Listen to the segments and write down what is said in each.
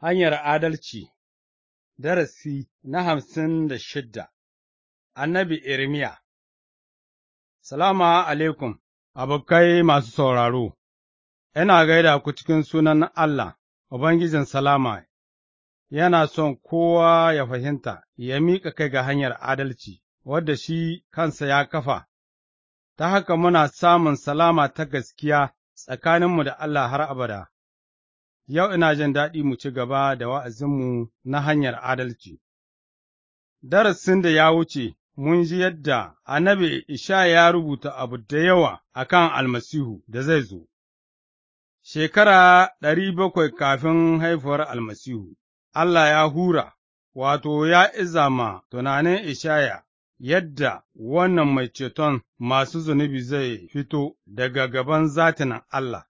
Hanyar Adalci Darasi na hamsin da shidda Annabi Irmiya Salama alaikum, abokai masu sauraro, ina gaida ku cikin sunan Allah, Ubangijin Salama, yana son kowa ya fahimta, ya miƙa kai ga hanyar adalci, wadda shi kansa ya kafa, ta haka muna samun salama ta gaskiya tsakaninmu da Allah har abada. Yau ina jin daɗi mu ci gaba da wa'azinmu na hanyar adalci. Darasin da ya wuce, mun ji yadda annabi Isha ya rubuta abu da yawa a kan almasihu da zai zo, shekara ɗari bakwai kafin haifuwar almasihu, Allah ya hura, wato, ya ma tunanin Ishaya yadda wannan mai ceton masu zunubi zai fito daga gaban zatinan Allah.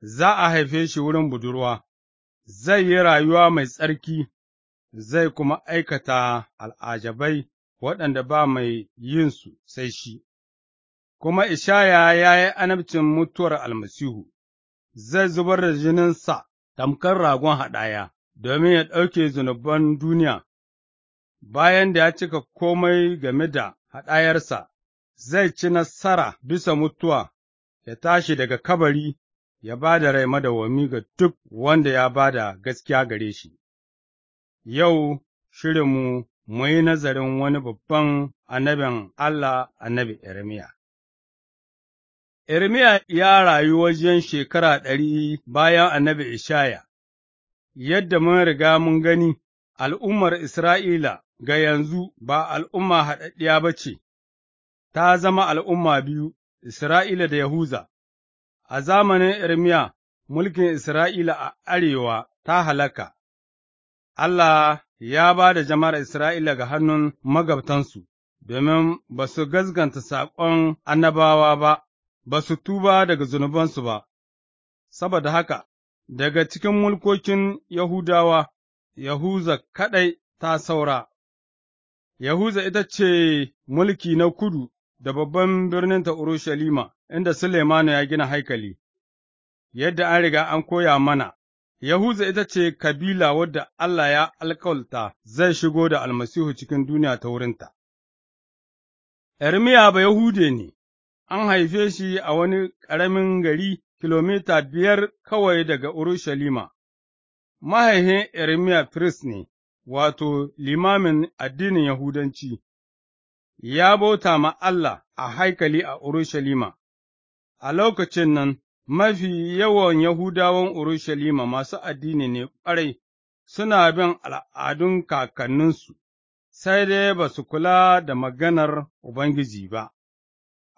za a haife shi wurin budurwa, zai yi rayuwa mai tsarki, zai kuma aikata al'ajabai waɗanda ba mai yinsu sai shi, kuma Ishaya ya yi anabcin mutuwar almasihu, zai zubar da jininsa tamkar ragon haɗaya domin ya ɗauke zunuban duniya, bayan da ya cika komai game da haɗayarsa, zai ci nasara bisa mutuwa, ya tashi daga kabari ya ba da rai madawwami ga duk wanda ya ba da gaskiya gare shi. Yau shirinmu mu yi nazarin wani babban annabin Allah annabi Irmiya. Irmiya ya rayu wajen shekara ɗari bayan annabi Ishaya, yadda mun riga mun gani, al'ummar Isra'ila ga yanzu ba al'umma haɗaɗɗiya ba ce, ta zama al'umma biyu, Isra'ila da Yahuza, A zamanin Irmiya, mulkin Isra'ila a arewa ta halaka, Allah ya ba da jama'ar Isra'ila ga hannun magabtansu, domin ba su gazganta saƙon annabawa ba, ba su tuba daga zunubansu ba, saboda haka, daga cikin mulkokin Yahudawa, Yahuza kaɗai ta saura, Yahuza ita ce mulki na kudu da babban birninta Urushalima, inda Suleimanu ya gina haikali, yadda an riga an koya mana, Yahuza ita ce kabila wadda Allah ya alkawalta zai shigo da almasihu cikin duniya ta wurinta. Ermiya ba Yahude ne, an haife shi a wani ƙaramin gari kilomita biyar kawai daga Urushalima, mahaifin Ermiya firist ne, wato limamin addinin Yahudanci. ya bauta ma Allah a haikali a Urushalima, a lokacin nan mafi yawan Yahudawan Urushalima masu addini ne ƙwarai, suna bin al'adun kakanninsu, sai dai ba su kula da maganar Ubangiji ba,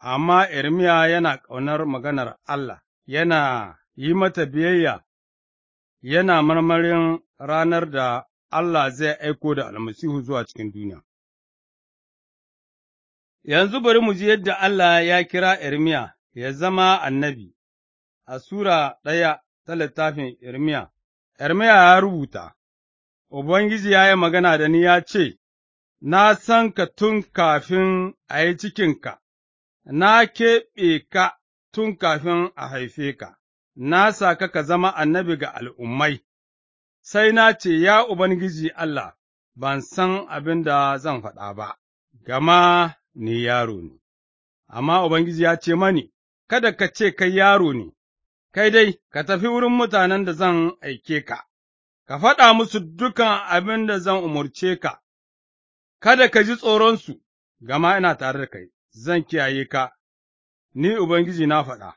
amma Irmiya yana ƙaunar maganar Allah, yana yi mata biyayya, yana marmarin ranar da Allah zai aiko da almasihu zuwa cikin duniya. Yanzu bari mu ji yadda Allah ya kira Irmiya ya zama annabi a Sura ɗaya ta littafin Irmiya. Irmiya ya rubuta, Ubangiji ya yi magana da ni ya ce, Na san ka tun kafin a yi cikinka, na keɓe ka tun kafin a haife ka, na sa ka ka zama annabi ga al'ummai, sai na ce, Ya Ubangiji Allah, ban san abin da zan faɗa ba, gama ni yaro ne, amma Ubangiji ya ce mani, Kada ka ce kai yaro ne, kai dai ka tafi wurin mutanen da zan aike ka, ka faɗa musu dukan abin da zan umarce ka, kada ka ji tsoronsu, gama ina tare da kai, zan kiyaye ka, ni Ubangiji na faɗa.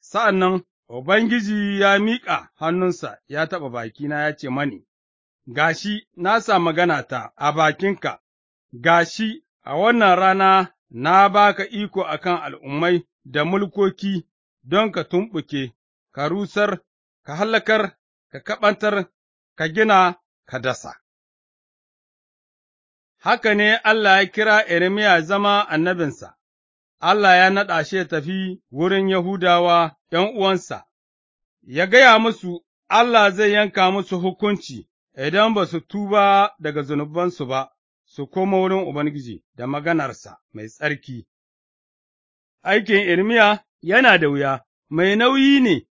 Sa'an nan Ubangiji ya miƙa hannunsa ya taɓa bakina ya ce mani, Gashi na sa magana ta a bakinka, gashi A wannan rana na ba ka iko a kan al'ummai da mulkoki don ka tumɓuke, ka rusar, ka hallakar, ka kaɓantar, ka gina, ka dasa. Haka ne Allah ya kira Irmiya zama annabinsa, Allah ya naɗa shi ya tafi wurin Yahudawa ’yan uwansa, ya gaya musu Allah zai yanka musu hukunci idan ba su tuba daga zunubansu ba. su koma wurin Ubangiji da maganarsa mai tsarki. Aikin Irmiya yana da wuya, mai nauyi ne,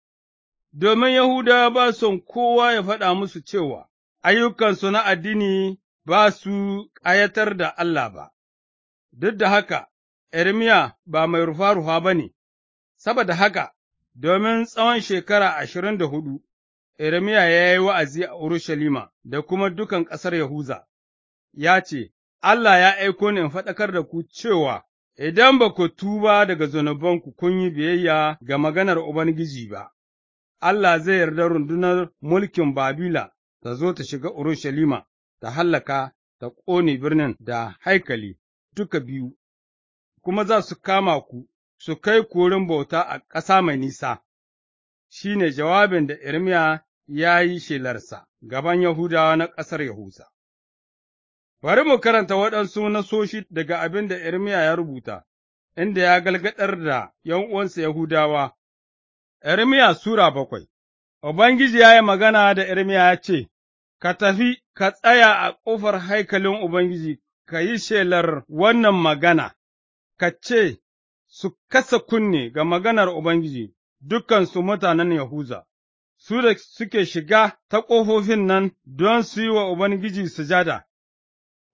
domin Yahuda ba son kowa ya faɗa musu cewa ayyukansu na addini ba su ƙayatar da Allah ba, duk da haka, Irmiya ba mai rufa-rufa ba ne, saboda haka, domin tsawon shekara ashirin da hudu, Irmiya ya yi wa'azi a Urushalima da kuma dukan ƙasar Yahuza. ya ce, Allah ya aiko ni in faɗakar da ku cewa, Idan ba ku tuba daga zunubanku kun yi biyayya ga maganar Ubangiji ba, Allah zai yarda rundunar mulkin Babila ta zo ta shiga Urushalima, ta hallaka, ta ƙone birnin da haikali duka biyu, kuma za su kama ku, su kai korin bauta a ƙasa mai nisa, shi ne jawabin da Irmiya ya yi shelarsa gaban Yahudawa na ƙasar Yahuza. Bari mu karanta waɗansu nasoshi daga abin da Irmiya ya rubuta, inda ya galgadar da ’yan uwansa Yahudawa. Irmiya Sura bakwai Ubangiji ya yi magana da Irmiya ya ce, Ka tafi, ka tsaya a ƙofar haikalin Ubangiji, ka yi shelar wannan magana, ka ce, Su kasa kunne ga maganar Ubangiji, dukansu mutanen Yahuza, su da suke shiga ta ƙofofin nan don su yi wa Ubangiji sujada.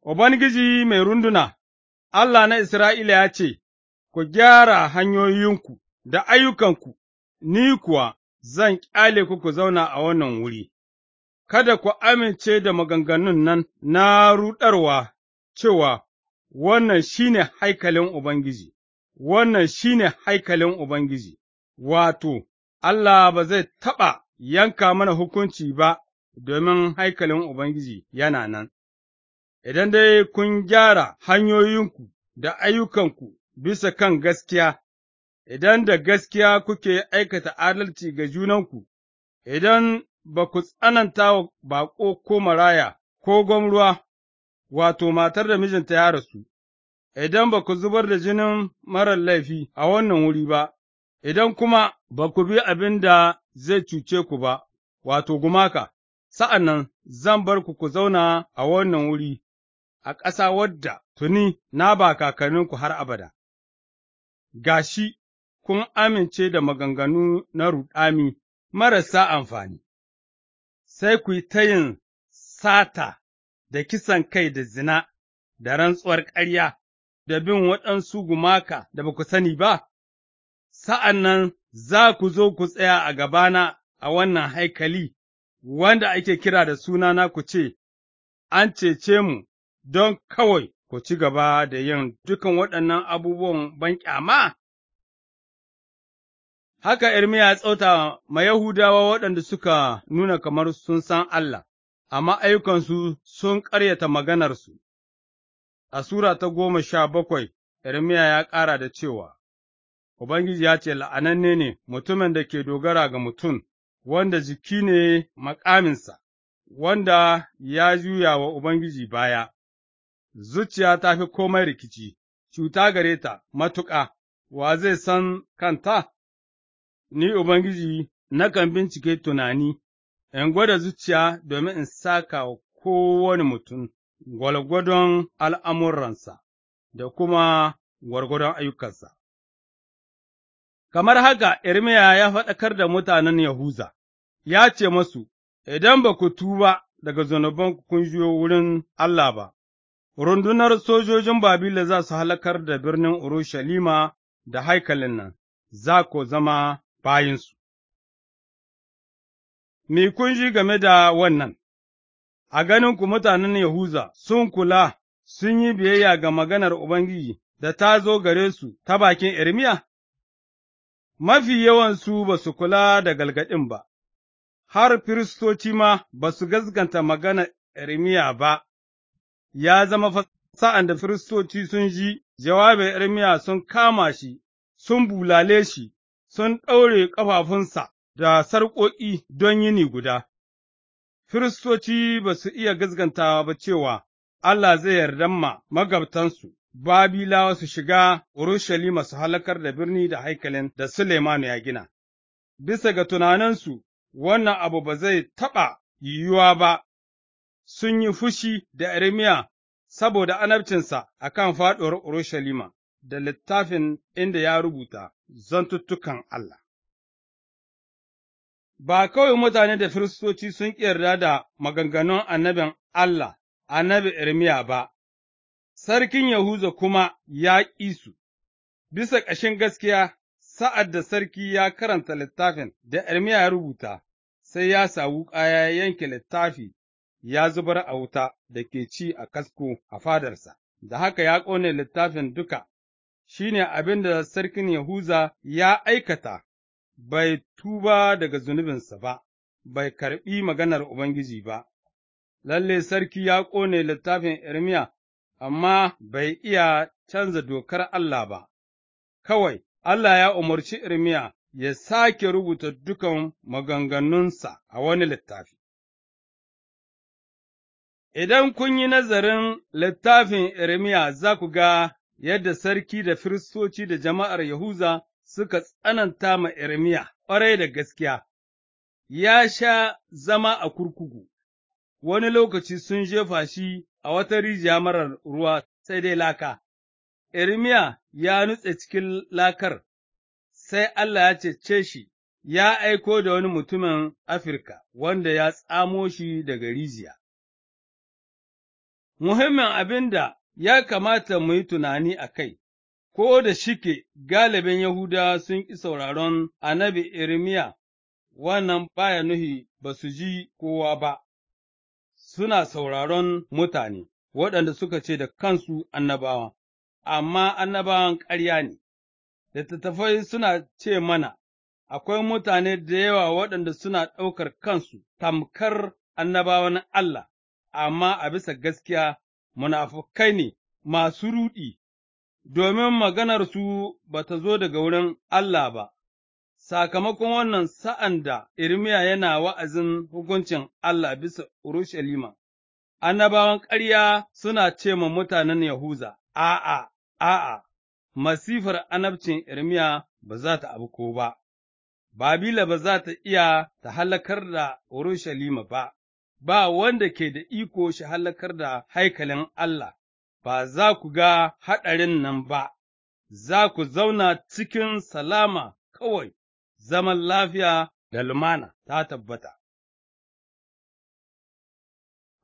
Ubangiji mai runduna, Allah na Isra'ila ya ce, Ku gyara hanyoyinku da ayyukanku, ni kuwa zan ƙyale ku ku zauna a wannan wuri, kada ku amince da maganganun nan na ruɗarwa cewa wannan shi ne haikalin Ubangiji, wannan shi ne haikalin Ubangiji, wato, Allah ba zai taɓa yanka mana hukunci ba domin haikalin Ubangiji yana nan. idan dai kun gyara hanyoyinku da ayyukanku bisa kan gaskiya, idan da gaskiya kuke aikata adalci ga junanku, idan ba ku tsananta wa baƙo ko maraya ko gwamruwa, wato matar da mijinta ya rasu, idan ba ku zubar da jinin marar laifi a wannan wuri ba, idan kuma ba ku bi abin da zai cuce ku ba, wato gumaka, sa'an nan zan bar ku ku zauna a wannan wuri a ƙasa wadda tuni na ba kakanninku har abada, ga shi kun amince da maganganu na ruɗami marasa amfani, sai ku yi ta yin sata da kisan kai da zina da rantsuwar ƙarya da bin waɗansu gumaka da ba ku sani ba, sa'an nan za ku zo ku tsaya a gabana a wannan haikali wanda ake kira da sunana ku ce, An cece mu don kawai ku ci gaba da yin dukan waɗannan abubuwan banƙyama? Haka Irmiya ya tsauta ma Yahudawa waɗanda suka nuna kamar sun san Allah, amma ayyukansu sun ƙaryata maganarsu. A Sura ta goma sha bakwai, Irmiya ya ƙara da cewa, Ubangiji ya ce, La'ananne ne mutumin da ke dogara ga mutum, wanda jiki ne makaminsa, wanda ya juya wa Ubangiji baya, zuciya ta fi komai rikici, cuta gare ta matuƙa, wa zai san kanta? Ni Ubangiji nakan bincike tunani, in gwada zuciya domin in saka wa kowane mutum gwalgwadon al'amuransa da kuma gwargwadon ayyukansa. Kamar haka, Irmiya ya faɗakar da mutanen Yahuza, ya ce masu, Idan ba ku tuba daga zunubanku kun juyo wurin Allah ba, rundunar sojojin Babila za su halakar da birnin Urushalima da haikalin nan, za ko zama bayinsu. Me kun ji game da wannan, a ganinku mutanen Yahuza sun kula sun yi biyayya ga maganar Ubangiji da ta zo gare su ta bakin Irmiya? Mafi yawansu ba su kula da galgadin ba, har firistoci ma ba su gaskanta maganar Irmiya ba. ya zama fa sa'an da firistoci sun ji jawabin Irmiya sun kama shi, sun bulale shi, sun ɗaure ƙafafunsa da sarƙoƙi don yini guda. Firistoci ba su iya gazgantawa ba cewa Allah zai yarda ma magabtansu, Babilawa su shiga Urushalima su halakar da birni da haikalin da Suleimanu ya gina. Bisa ga tunaninsu, wannan abu ba zai taɓa yiwuwa ba sun yi fushi da Irmiya saboda anabcinsa a kan faɗuwar Urushalima da littafin inda ya rubuta zantuttukan Allah. Ba kawai mutane da firistoci sun yarda da maganganun annabin Allah, annabi Irmiya ba, sarkin Yahuza kuma ya ƙi su, bisa ƙashin gaskiya sa'ad da sarki ya karanta littafin da Irmiya ya rubuta, sai ya sa wuƙa ya yanke littafi ya zubar a wuta da ke ci a kasko a fadarsa, da haka ya ƙone littafin duka, shi ne abin da sarkin Yahuza ya aikata, bai tuba daga zunubinsa ba, bai karɓi maganar Ubangiji ba. Lalle sarki ya ƙone littafin Irmiya, amma bai iya canza dokar Allah ba, kawai Allah ya umarci Irmiya ya sake rubuta dukan maganganunsa a wani littafi. Idan kun yi nazarin littafin Irmiya za ku ga yadda sarki da firistoci da jama'ar Yahuza suka tsananta ma Irmiya ƙwarai da gaskiya, ya sha zama a kurkuku, wani lokaci sun jefa shi a wata rijiya marar ruwa sai dai laka. Irmiya ya nutse cikin lakar, sai Allah ya cece shi, ya aiko da wani mutumin Afirka wanda ya tsamo shi daga rijiya. Muhimmin abin da ya kamata mu yi tunani a kai, ko da shike galibin Yahuda sun ƙi sauraron annabi Irmiya, wannan baya nuhi ba su ji kowa ba, suna sauraron mutane waɗanda suka ce da kansu annabawa, amma annabawan ƙarya ne, littattafai suna ce mana, akwai mutane da yawa waɗanda suna ɗaukar kansu tamkar annabawan Allah. amma a bisa gaskiya munafukai ne masu ruɗi, domin maganarsu ba ta zo daga wurin Allah ba, sakamakon wannan sa'an da Irmiya yana wa'azin hukuncin Allah bisa Urushalima, annabawan ƙarya suna ce ma mutanen Yahuza, A'a, a'a, masifar anabcin Irmiya ba za ta abu ko ba, Babila ba za ta iya ta halakar da Urushalima ba. ba wanda ke da iko shi halakar da haikalin Allah, ba za ku ga haɗarin nan ba, za ku zauna cikin salama kawai, zaman lafiya da lumana ta tabbata.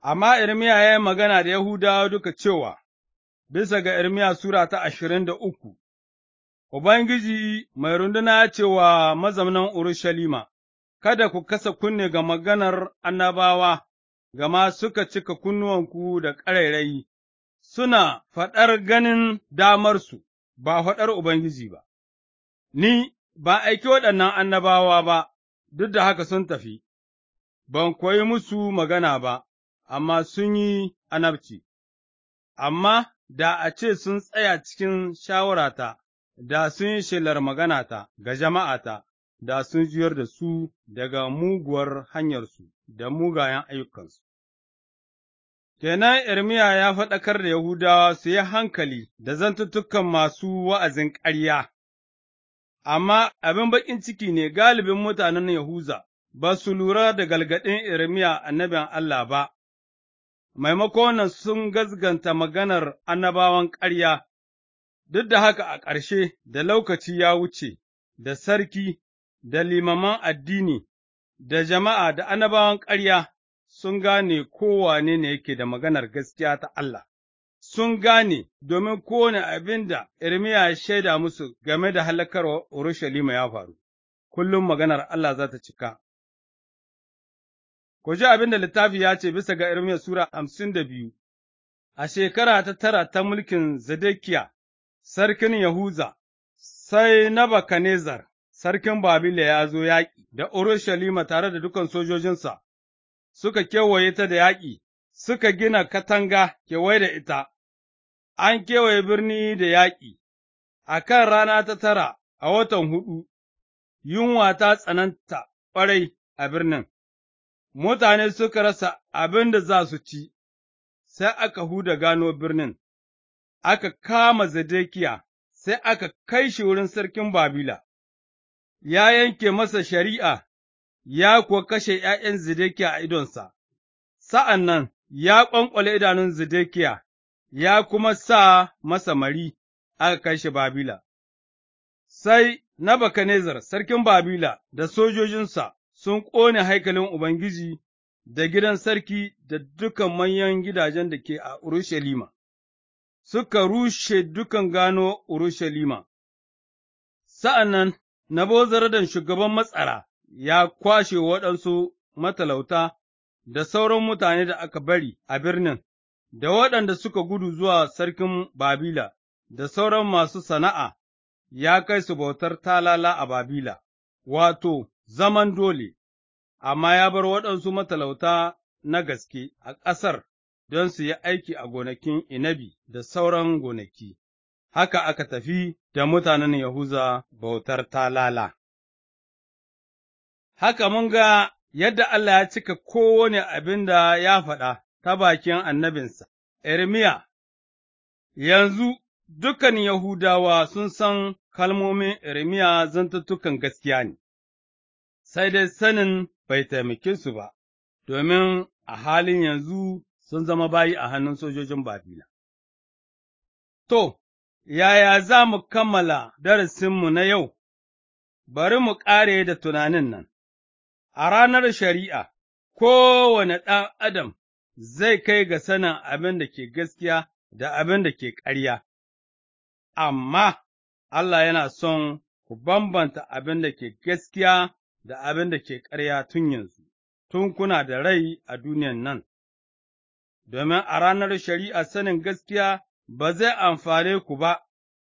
Amma Irmiya ya yi magana da Yahudawa duka cewa, bisa ga Irmiya Sura ta ashirin da uku, Ubangiji mai runduna ya ce wa mazaunan Urushalima, kada ku kasa kunne ga maganar annabawa, gama suka cika kunnuwanku da ƙarairayi, suna faɗar ganin damarsu, ba faɗar Ubangiji ba, ni ba aiki waɗannan annabawa ba, duk da haka sun tafi, ban koyi musu magana ba, amma sun yi anabci, amma da a ce sun tsaya cikin shawarata, da sun yi shelar maganata ga jama'ata. da sun juyar da su daga muguwar hanyarsu da mugayen ayyukansu. Kenan Irmiya ya faɗakar da Yahudawa su yi hankali da zantuttukan masu wa'azin ƙarya, amma abin baƙin ciki ne galibin mutanen Yahuza ba su lura da galgaɗin Irmiya annabin Allah ba, maimakon sun gazganta maganar annabawan ƙarya, duk da haka a ƙarshe da lokaci ya wuce, da sarki da limaman addini, da jama'a da annabawan ƙarya sun gane kowane ne yake da maganar gaskiya ta Allah, sun gane domin kowane abin da ya shaida musu game da halakar Urushalima ya faru, kullum maganar Allah za ta cika. Ku ji abin da littafi ya ce bisa ga Irmiya Sura hamsin da biyu, a shekara ta tara ta mulkin Zedekiya, sarkin Yahuza, sai na bakanezar sarkin Babila ya zo yaƙi da Urushalima tare da dukan sojojinsa, suka kewaye ta da yaƙi, suka gina katanga kewaye da ita, an kewaye birni da yaƙi, a kan rana ta tara a watan huɗu, yunwa ta tsananta ƙwarai a birnin, mutane suka rasa abin da za su ci, sai aka huda gano birnin, aka kama Zedekiya, sai aka kai shi wurin sarkin Babila. ya yanke masa shari'a, ya kuwa kashe ’ya'yan zidekiya a idonsa, sa'an nan ya ƙwanƙwale idanun zidekiya ya kuma sa masa mari aka kai shi Babila. Sai na Nebukadnezzar sarkin Babila da sojojinsa sun ƙone haikalin Ubangiji da gidan sarki da dukan manyan gidajen da ke a Urushalima, suka rushe dukan gano Urushalima. Sa'an nan Na bozaradan shugaban matsara ya kwashe waɗansu matalauta da sauran mutane da aka bari a birnin, da waɗanda suka gudu zuwa sarkin Babila, da sauran masu sana'a, ya kai su bautar talala a Babila, wato, zaman dole, amma ya bar waɗansu matalauta na gaske a ƙasar don su yi aiki a gonakin inabi da sauran gonaki. haka aka tafi da mutanen Yahuza bautar talala. Haka mun ga yadda Allah ya cika kowane abin da ya faɗa ta bakin annabinsa, Irmiya, yanzu dukan Yahudawa sun san kalmomin Irmiya zantattukan gaskiya ne, sai dai sanin bai taimake su ba, domin a halin yanzu sun zama bayi a hannun sojojin Babila. To, Yaya za mu kammala darasinmu na yau, bari mu ƙare da tunanin nan, a ranar shari'a, kowane ɗan adam zai kai ga sanin abin da ke gaskiya da abin da ke ƙarya, amma Allah yana son ku bambanta abin da ke gaskiya da abin da ke ƙarya tun yanzu, tun kuna da rai a duniyan nan, domin a ranar shari'a sanin gaskiya ba zai amfane ku ba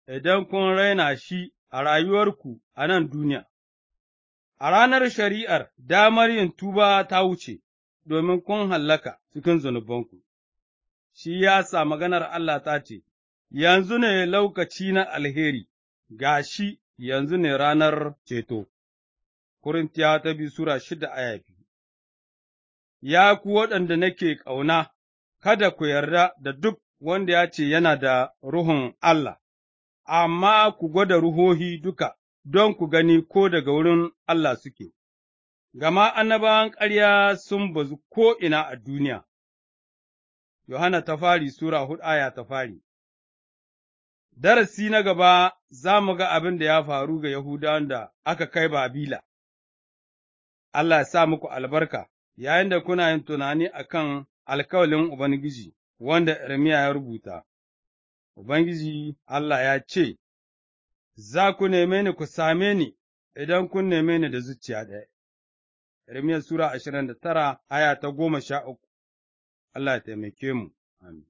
idan kun raina shi a rayuwarku a nan duniya. A ranar shari'ar damar yin tuba ta wuce, domin kun hallaka cikin zunubanku, shi ya sa maganar Allah ta ce, Yanzu ne lokaci na alheri, ga shi yanzu ne ranar ceto. Kurintiya ta bi Sura shida a Ya ku waɗanda nake ƙauna, kada ku yarda da duk wanda ya ce yana da Ruhun Allah, amma ku gwada ruhohi duka don ku gani ko daga wurin Allah suke, gama annabawan ƙarya sun bazu ko'ina a duniya. Yohana ta fari Sura hudu aya ta fari Darasi na gaba za mu ga abin da ya faru ga Yahudawan da aka kai Babila. Allah ya sa muku albarka, yayin da kuna yin tunani a kan alkawalin Ubangiji. wanda Irmiya ya rubuta, Ubangiji Allah ya ce, Za ku neme ni ku same ni idan kun neme ni da zuciya ɗaya. Irmiya Sura ashirin da tara aya ta goma sha uku, Allah ya taimake mu, amin.